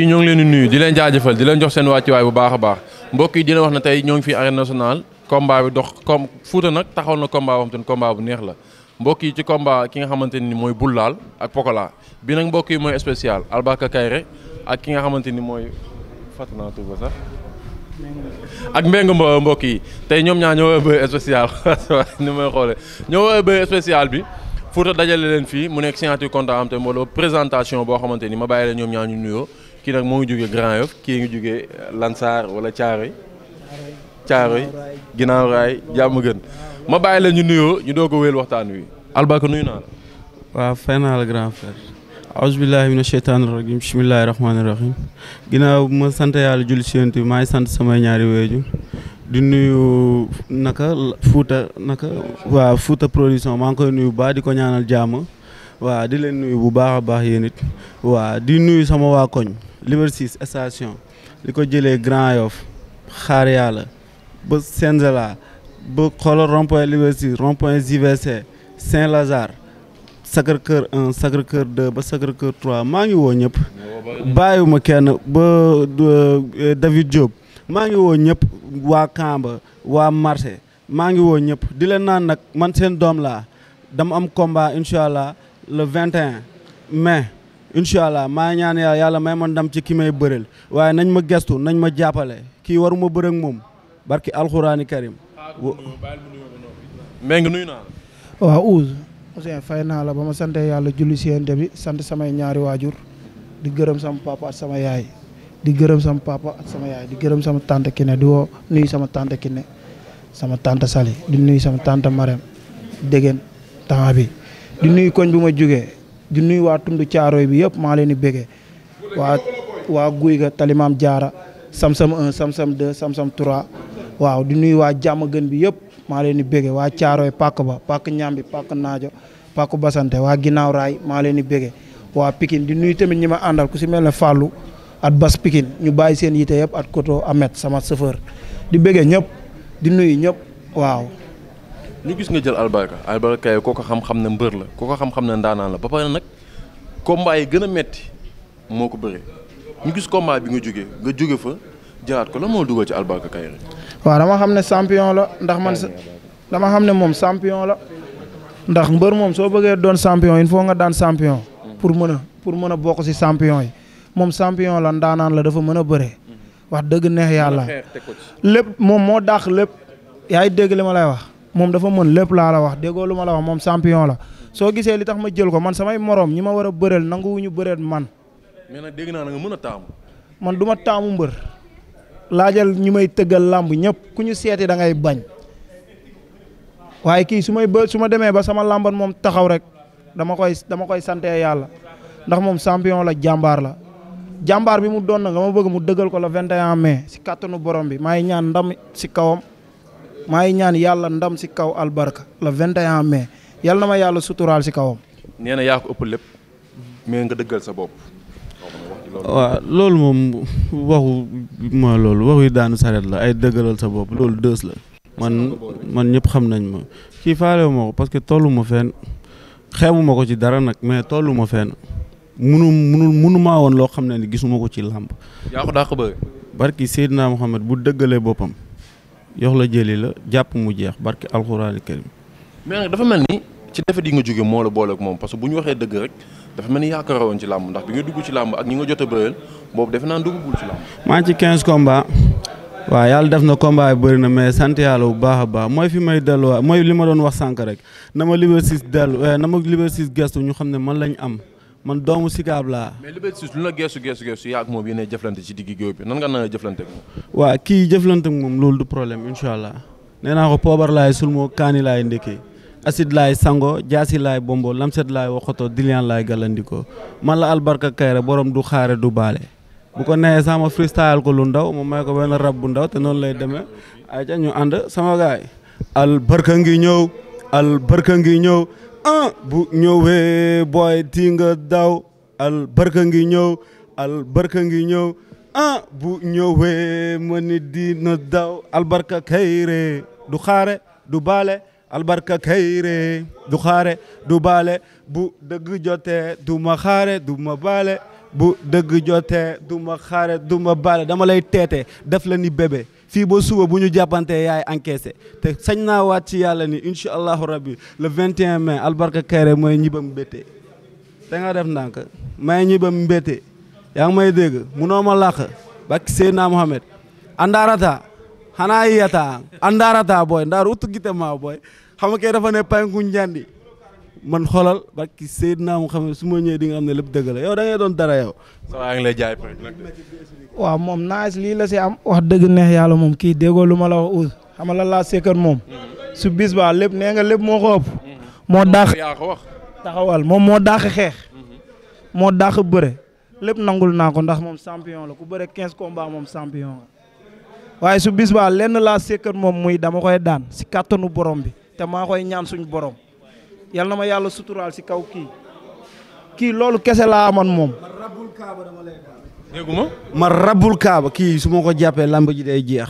yi ñoo ngi leen di nuyu di leen jaajëfal di leen jox seen wàccuwaay bu baax a baax mbokk yi dina wax na tey ñoo ngi fi arène nationale combat bi dox comme Fouta nag taxoon na combat boo xam te bu neex la mbokk yi ci combat ki nga xamante ni mooy laal ak Pokola bi nag mbokk yi mooy spécial Albaka Kayre ak ki nga xamante ni mooy fàtt naa tuba sax ak mbéngu mbokk yi tey ñoom ñaa ñoo bëri spécial ni may xoole ñoo bëri spécial bi Fouta dajale leen fii mu nekk signature contrat boo xamante ni ma bàyyi leen ñoom ñaa ñu nuyoo kii nag moo ngi jógee Grand Yoff kii ngi jógee Lansar wala Thiaroye Thiaroye ginnaaw raay jàmm gën ma bàyyi la ñu nuyoo ñu doo ko wéyal waxtaan wi Albarka nuyu naa la. waaw fay naa la grand frère. aouzu billahi mina sheytaani rajim bismillahi rahmaani rahim ginnaaw ma sant yàlla julli si yéen maa sant samay ñaari weeju di nuyu naka Fouta naka waaw Fouta production maa ngi koy nuyu baax di ko ñaanal jàmm waa di leen nuyu bu baax a baax yéen it waa di nuyu sama Liberté 6 station li ko jëlee Grand Yoff xaar la ba Senzala ba xoolal rond-point Liberté 6 rond-point JVC Saint-Lazare Sacré-Cœur un Sacré-Cœur 2 ba sacré kër 3 maa ngi woo ñëpp bàyyiwuma kenn ba euh, David Diop maa ngi woo ñëpp waa Kamba waa marché maa ngi woo ñëpp di leen naan nag man seen doom laa dama am combat incha allah le 21 mai incha allah maa ñaan yàlla yàlla may ma ndam ci ki may bëreel waaye nañ ma gestu nañ ma jàppale kii waruma ma ak moom barki alxuraani karim. mbéy mi nuyu naa la. fay naa la ba ma santee yàlla julli si yéen bi sant samay ñaari waajur di gërëm sama papa ak sama yaay di gërëm sama papa ak sama yaay di gërëm sama tante Kiné di woo nuyu sama tante Kiné sama tante Sali di nuyu sama tante Marème dégg temps bi di nuyu koñ bu ma jugee. di nuyu waa tund caaroy bi yëpp maa leen di béggee waa guy ga talimaam jaara samsam 1 samsam 2 samsam 3 waaw di nuyu waa jàmm gën bi yëpp maa leen di béggee waa caaroy pàkk ba pàkk ñambi pàkk naajo pàkk basante waa ginaaw raay maa leen di béggee waa pikin di nuyu tamit ñi ma àndal ku si mel ne Fallou at Bas Pikine ñu bàyyi seen yite yëpp at koto Amet sama chauffeur di béggee ñëpp di nuyu ñëpp waaw ñu gis nga jël albarka albarka yi koo ko xam-xam ne mbër la koo ko xam-xam ne ndaanaan la ba pare nag combat yi gën a metti moo ko bëree ñu gis combat bi nga jógee nga jóge fa jëlaat ko la moo dugal ci albarka kayre waaw dama xam ne sampion la ndax man dama xam ne moom sampion la ndax mbër moom soo bëggee doon champion il faut nga daan champion pour mën a pour mën a bokk ci champion yi moom champion la ndaanaan la dafa mën a bëree wax dëgg neex yàlla lépp moom moo dàq lépp yaay dégg li ma lay wax moom dafa mën lépp laa la wax déggoo lu ma la wax moom champion la soo gisee li tax ma jël ko man samay morom ñi ma war a bëreel ñu bëreel man. mais nag dégg naa nga mën a taamu. man du ma taamu mbër. laajal ñi may tëggal làmb ñëpp ku ñu seeti da ngay bañ waaye kii su may bë su ma demee ba sama làmban moom taxaw rek dama koy dama koy sante yàlla ndax moom champion la jàmbaar la. jàmbaar bi mu doon na nga ma bëgg mu dëggal ko la 21 mai si kàttanu borom bi maay ñaan ndam si kawam. maa ngi ñaan yàlla ndam si kaw albarka le 21 mais yàlla na ma yàlla suturaal si kawam. nee na yaa ëpp lépp mais nga dëggal sa bopp. waaw loolu moom waxu ma loolu waxu daanu saret la ay dëggalal sa bopp loolu dës la. man man ñëpp xam nañ ma kii faalewu ma ko parce que tollu ma fenn xeemu ma ko ci dara nag mais tollu ma fenn munu munu munu maa woon loo xam ne ni gisuma ko ci làmb. yaa ko daa ko bëgg. barki Seydina Mohamed bu dëggalee boppam. yox la jëli la jàpp mu jeex barke alxuraani karim mais nag dafa mel ni ci defet yi nga jóge moo la boole moom parce que bu ñu waxee dëgg rek dafa mel ni yaakaar woon ci làmb ndax bi nga dugg ci làmb ak ñi nga jot a bëreel boobu defe naa duggagul maa ngi ci 15 combats waaw yàlla def na combat bi bëri na mais sant yàlla bu baax a baax mooy fi may delluwaat mooy li ma doon wax sànq rek na ma Liberté 6 dellu eh, na ma Liberté 6 gestu ñu xam ne man lañ am. man doomu Sicap laa. lu la geesu geesu geesu yaa ak moom yéenay jëflante ci digg géew bi nan nga naan jëflante ak moom. waaw kii jëflante ak moom loolu du problème incha allah nee ko poobar sulmoo kaani laay ndékkee acide laay sango jaasi laay bombo lamset laay waxoto dilian laay gàllandikoo man la albarka kayre borom du xaare du baale. bu ko neexee sama freestyle ko lu ndaw ma may ko benn rab bu ndaw te noonu lay demee ayca ñu ànd sama gaay albarka ngi ñëw ah bu ñëwee booy ti nga daw albarka ngi ñëw albarka ngi ñëw ah bu ñëwee ma ni dina daw albarka kayre du xaare du baale albarka kayre du xaare du baale bu dëgg jotee du ma xaare du ma baale bu dëgg jotee du ma xaare du ma baale dama lay teete def la ni bébé fii boo suba bu ñu jàppantee yaay encaissé te sañ naa waat ci yàlla ni incha allahu rabbi le 21 mai albarka Kairé mooy ñibam mbéttee da nga def ndànk may ñibam mbéttee yaa ngi may dégg munoo ma làq bak Seydina Mohamed andaarata xanaa yiyata andaarata booy ndaar uttu gite maa booy xam nga kay dafa njandi man xoolal barki Seydina mu xam ne su ma ñëwee di nga xam lépp dëgg la yow doon dara yow. waaw ngi waaw moom naaj lii la si am wax dëgg neex yàlla moom kii déggoo lu ma la wax Ousse xam la laa sekkal moom. su bis baa lépp nee nga lépp moo ko dàq yaa taxawal moom moo dàq xeex. moo dàq lépp nangul naa ko ndax moom champion la ku bëre 15 combats moom champion la. waaye su bis ba lenn laa sekkal moom muy dama koy daan si kattanu borom bi te maa koy ñaan suñu borom. yal na ma yàlla suturaal si kaw kii kii loolu kese laa amoon moom. ma rabbul kaaba ma ma kaaba kii su ma ko jàppee lamb ji day jeex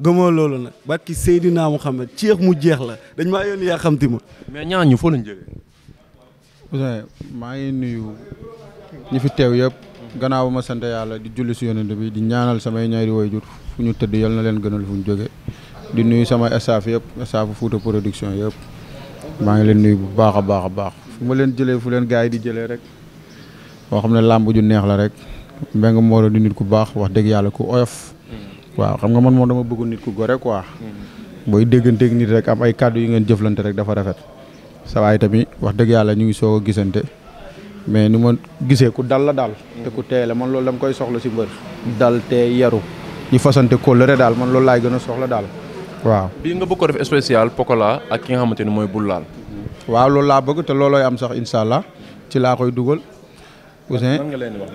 gëmoo loolu nag ba ki naa barki xam ne ceex mu jeex la dañ maa yónni yaa xamti ma. mais ñaan ñu foo lañ jógee. maa ngi nuyu ñi fi teew yëpp. gannaaw ba ma sant yàlla di julli si yonent bi di ñaanal samay ñaari waajur fu ñu tëdd yal na leen gënal fu ñu jóge di nuyu sama staff yëpp staffu Fouta production yëpp. maa ngi leen nuyu bu baax a baax a baax fu ma leen jëlee fu leen gars yi di jëlee rek boo xam ne làmb ju neex la rek Mbengue Modou di nit ku baax wax dëgg yàlla ku oyof. Hmm. waaw xam nga man moom dama bëgg nit ku rek quoi. Hmm. booy dégganteeg nit rek am ay kàddu yu ngeen jëflante rek dafa rafet. sa waay tamit wax dëgg yàlla ñu ngi soog gisante mais nu ma gisee ku dal la daal. te ku teey la man loolu dam koy soxla si mbër. dal te yaru ñu fasante kóllëre daal man loolu laay gën a soxla daal. waaw bii nga bëgg ko def spécial Pokola ak ki nga xamante ni mooy Boullal. waaw loolu laa bëgg te loolooy am sax incha allah ci laa koy dugal. Ousseyn nga leen wax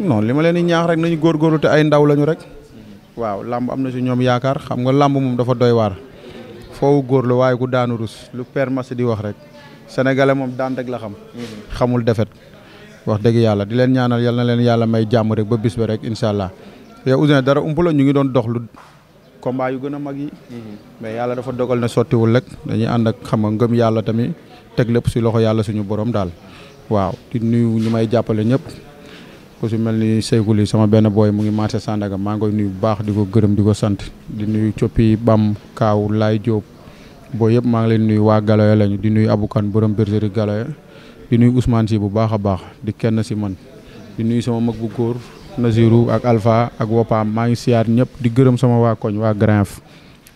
non li ma leen di ñaax rek nañu góorlu te ay ndaw lañu rek. waaw làmb am na si ñoom yaakaar xam nga làmb moom dafa doy waar. foofu góor la waaye ku daanu rus lu père Massi di wax rek. senegale moom daan rek la xam. Mhm. xamul defet wax dëgg yàlla di leen ñaanal yal na leen yàlla may jàmm rek ba bis ba rek incha allah yow Ousseyn dara ump la ñu ngi doon dox lu combat yu gën a mag yi. Mhm. mais yàlla dafa dogal na sottiwul rek dañuy ànd ak xam nga ngëm yàlla tamit teg lépp si loxo yàlla suñu boroom daal. waaw di nuyu ñu may jàppale ñëpp ku si mel ni Seydou Ly sama benn booy mu ngi marché Sandaga maa ngi koy nuyu bu baax di ko gërëm di ko sant di nuyu coppi Bam Kaaw Laay Diop boo yëpp maa ngi leen nuyu waa Galoya lañu di nuyu Aboukan borom bergerie Galoya di nuyu Ousmane si bu baax a baax di kenn si man di nuyu Naziru ak alfa ak Wopaam maa ngi siyaar ñëpp di gërëm sama waa koñ waa Grinf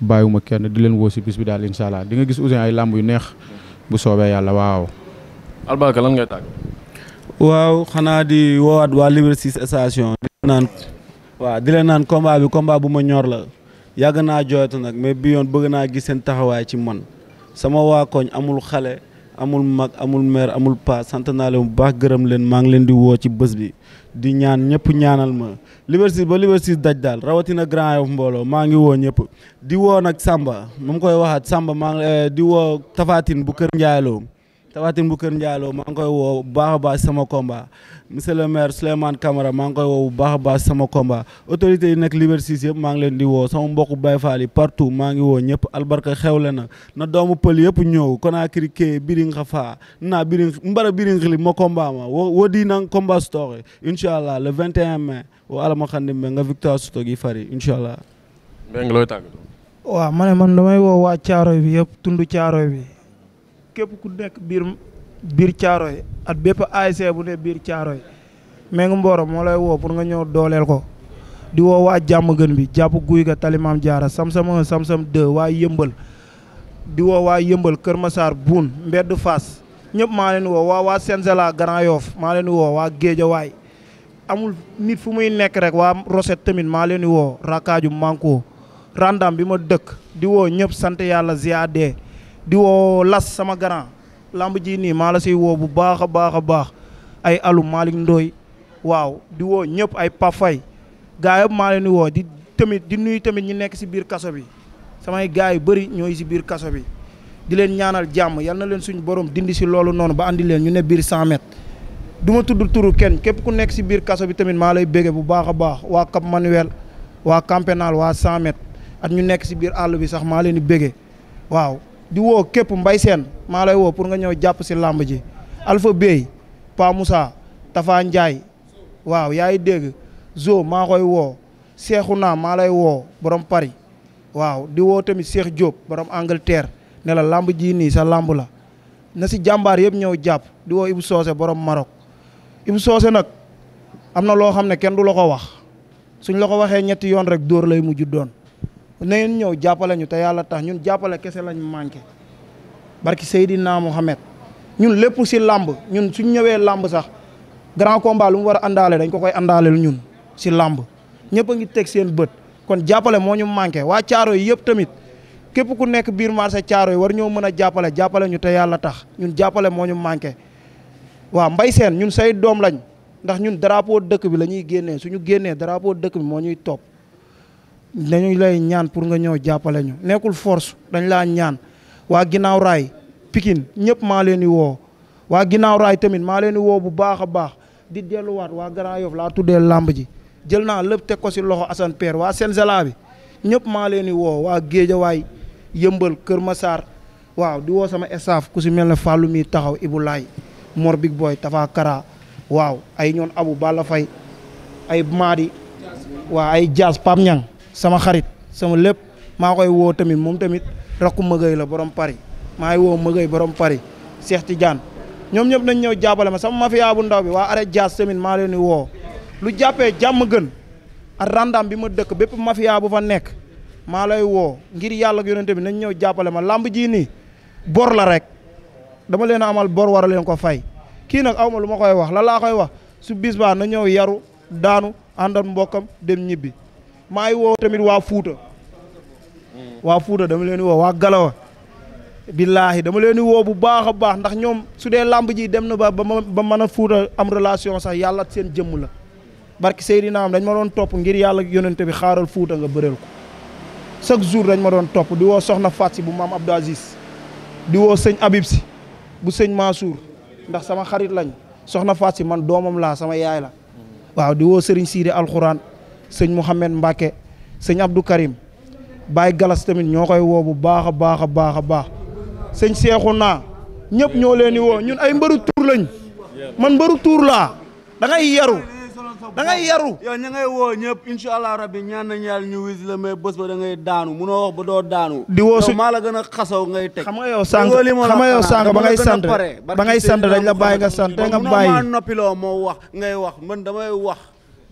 bàyyiwuma kenn di leen woo si bis bi daal incha allah di nga gis Ouzin ay làmb yu neex bu soobee yàlla waaw. Albarka lan ngay tàgg. waaw xanaa di woowaat waa Liberté 6 station. di waaw di leen naan combat bi combat bu ma ñor la yàgg naa jooytu nag mais bi yoon bëgg naa gis seen taxawaay ci man sama waa koñ amul xale amul mag amul mère amul pa sant naa leen bu baax gërëm leen maa ngi leen di woo ci bés bi. di ñaan ñëpp ñaanal ma Liberté ba Liberté daj daal rawatina Grand Yoff mbooloo maa ngi woo ñëpp di woo nag Samba mu koy waxaat Samba maa eh, di woo tafaatin bu Kër Ndiaye Lo Tafatine bu Kër Ndiallo maa ngi koy woo bu baax a baax sama le maire Souleymane Camara maa ngi koy woo bu baax a baax sama combat autorité yi nekk Liberté 6 yëpp maa ngi leen di woo sama mbokku Baye Fall yi partout maa ngi woo ñëpp albarka xewle na na doomu pël yëpp ñëw Conakry kee biring xa faa naa biring mbara biring ma combat ma wo wo di nang combat story incha allah le 21 mai wo alama xandim be nga victoire suto gi fari incha allah. mbéy nga man man damay waa Caaroy képp ku nekk biir biir Caaroy at bépp ASC bu ne biir Caaroy Mengu Mboro moo lay woo pour nga ñëw dooleel ko di woo waa jàmm gën bi jàpp guy ga talimaam jaara samsam 1 samsam 2 waa yëmbal di woo waa yëmbal Kër Masaar buun mbedd fas ñëpp maa leen woo waa waa Senzela Grand Yoff maa woo waa Géejawaay amul nit fu muy nekk rek waa Roset tamit maa leen woo Rakaaju Manko Randam bi ma dëkk di woo ñëpp sant yàlla ziade di woo las sama grand làmb ji nii maa la siy woo bu baax a baax a baax ay alu Malick Ndoy waaw di woo ñëpp ay pafay gaa yëpp maa leen di woo di tamit di nuyu tamit ñu nekk si biir kaso bi samay gars yu bëri ñooy si biir kaso bi di leen ñaanal jàmm yal na leen suñu borom dindi si loolu noonu ba andi leen ñu ne biir 100 duma du tudd turu kenn képp ku nekk si biir kaso bi tamit maa lay béggee bu baax a baax waa Cap Manuel waa Camp waa 100 at ñu nekk si biir àll bi sax maa leen di bége waaw di woo képp mbay seen maa lay woo pour nga ñëw jàpp si làmb ji Alpha Bey Pa Moussa Tafa Ndiaye waaw yaa ngi dégg zo maa koy woo seexu naa maa lay woo borom Paris waaw di woo tamit Cheikh Diop borom Angleterre ne la làmb ji nii sa làmb la na si jàmbaar yëpp ñëw jàpp di woo Ibou Socé borom Maroc Ibou Socé nag am na loo xam ne kenn du la ko wax suñ la ko waxee ñetti yoon rek dóor lay mujj doon na ngeen ñëw jàppale ñu te yàlla tax ñun jàppale kese lañ manqué barki Seydina Mohamed ñun lépp si làmb ñun suñ ñëwee làmb sax grand combat lu mu war a àndaale dañ ko koy àndaaleel ñun si làmb ñëpp ngi teg seen bët kon jàppale moo ñu manqué waa caaro yi yëpp tamit képp ku nekk biir marché caaro yi war ñoo mën a jàppale jàppale ñu te yàlla tax ñun jàppale moo ñu manqué waa mbay seen ñun say doom lañ ndax ñun drapeau dëkk bi la ñuy génnee suñu génnee drapeau dëkk moo ñuy topp dañu lay ñaan pour nga ñëw jàppale ñu nekkul force dañ laa ñaan waa ginnaaw raay Pikine ñëpp maa leen di woo waa ginnaaw raay tamit maa leen di woo bu baax a baax di delluwaat waa Grand Yoff laa tuddee làmb ji jël naa lépp teg ko si loxo Assane Père waa Senzala bi ñëpp maa leen di woo waa Géejawaay yëmbal Kër Massar waaw di woo sama staff ku si mel ne Fallou mi taxaw Ibou Laye Mor Big Boy Tafa Kara waaw ay ñoon Abu Balla Fay ay Maadi waaw ay Dias Pam Ñang sama xarit sama lépp maa koy woo tamit moom tamit rakku mëgëy la borom pari maa ngi woo mëgëy borom Paris Cheikh Tidiane ñoom ñëpp nañ ñëw jàppale ma sama mafia bu ndaw bi waa arrêt jaas tamit maa leen di woo lu jàppee jàmm gën a randam bi ma dëkk bépp mafia bu fa nekk maa lay woo ngir yàlla ak yonente bi nañ ñëw jàppale ma làmb ji nii bor la rek dama leen a amal bor war leen ko fay kii nag aw ma lu ma koy wax la laa koy wax su bis baa na ñëw yaru daanu àndoon mbokkam dem ñibbi maa ngi woo tamit waa Fuuta waa Fuuta dama leen di woo waa Galawa billaahi dama leen di woo bu baax a baax ndax ñoom su dee làmb ji dem na ba ba ba mën a Fuuta am relation sax yàlla seen jëmm la barki Seydina am dañ ma doon topp ngir yàlla yonente bi xaaral Fuuta nga bëreel ko chaque jour dañ ma doon topp di woo soxna Faat si bu maam Abdou Aziz di woo sëñ Abib si bu sëñ Mansour ndax sama xarit lañ soxna Faat si man doomam laa sama yaay la waaw di woo sëriñ sëñ Mouhamed Mbacke sëñ Abdou Karim Baye Galas tamit ñoo koy woo bu baax a baax a baax a baax sëñ Seexu naa ñëpp ñoo leen di woo ñun ay mbëru tuur lañ man mbëru tuur laa dangay ngay yaru da ngay yaru yow ña ngay woo ñëpp incha allah rabbi ñaan nañ yàlla ñu wis la mais bés ba da daanu munoo wax ba doo daanu di woo su maa la gën a xasaw ngay teg xam nga yow sànq xam nga yow sànq ba ngay sant ba ngay sant dañ la bàyyi nga sant nga bàyyi noppi moo wax ngay wax man damay wax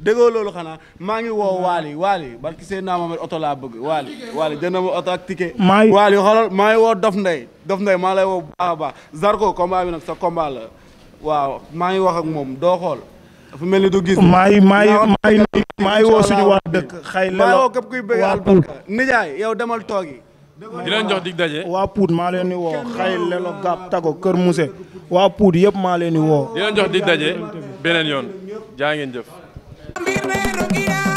déggoo loolu xanaa maa ngi woo Waly Waly barki seen naa moom oto laa bëgg Waly Waly jënd ma ak ticket. maa ngi Waly xoolal maa ngi woo Dof Ndeye Dof Ndeye maa lay woo bu baax a baax Zarko combat bi nag sa combat la waaw maa ngi wax ak moom doo xool. dafa mel ni du gis. maa ngi maa ngi maa ngi woo suñu waa dëkk. xay la maa woo képp kuy bëgg nijaay yow demal toogi. di leen jox dig daje. waa Pout maa leen di woo xay lelo gàpp tago Kër Mousse waa Pout yëpp maa leen di woo. di leen jox dig yoon jaa ngeen jëf. Virme no